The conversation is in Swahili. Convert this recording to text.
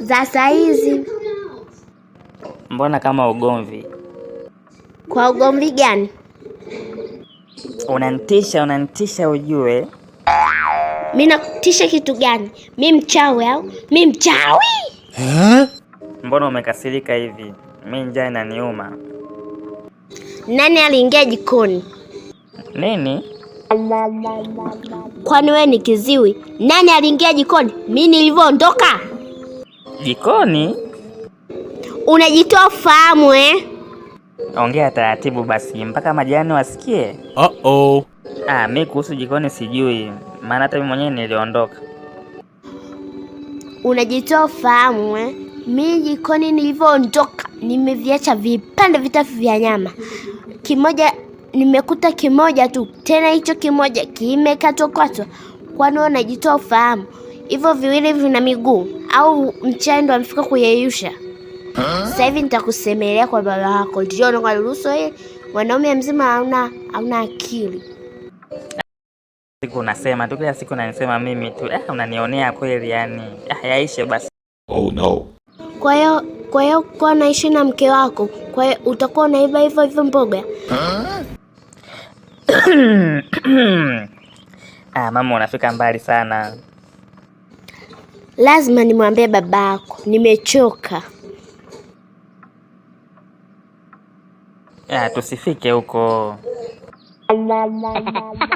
za saizi. Mbona kama ugomvi? Kwa ugomvi gani? Unanitisha, unanitisha ujue. Mi nakutisha kitu gani? Mi mchawi au mi mchawi? Eh? Mbona umekasirika hivi? Mi njaa inaniuma. Nani aliingia jikoni? Nini? Kwani wewe ni kiziwi? Nani aliingia jikoni? Mi nilivyoondoka jikoni. Unajitoa fahamu eh? Ongea taratibu basi mpaka majirani wasikie. Uh -oh. Ah, mi kuhusu jikoni sijui, maana hata mimi mwenyewe niliondoka. Unajitoa fahamu eh? Mi jikoni nilivyoondoka nimeviacha vipande vitatu vya nyama, kimoja nimekuta kimoja tu, tena hicho kimoja kwatwa. Kwani unajitoa fahamu? hivyo viwili vina miguu au mchando amefika kuyeyusha? Sasa hivi nitakusemelea kwa baba yako. Ndio nakuruhusu yeye. mwanaume mzima hauna hauna akili. Siku unasema tu kila siku unanisema mimi tu eh, unanionea kweli yani. Ah, yaishe basi. Oh no. Kwa hiyo kwa hiyo kwa naishi na mke wako, kwa hiyo utakuwa unaiba hivyo hivyo mboga. Ah, mama unafika mbali sana. Lazima nimwambie babako, nimechoka. Ah, tusifike huko.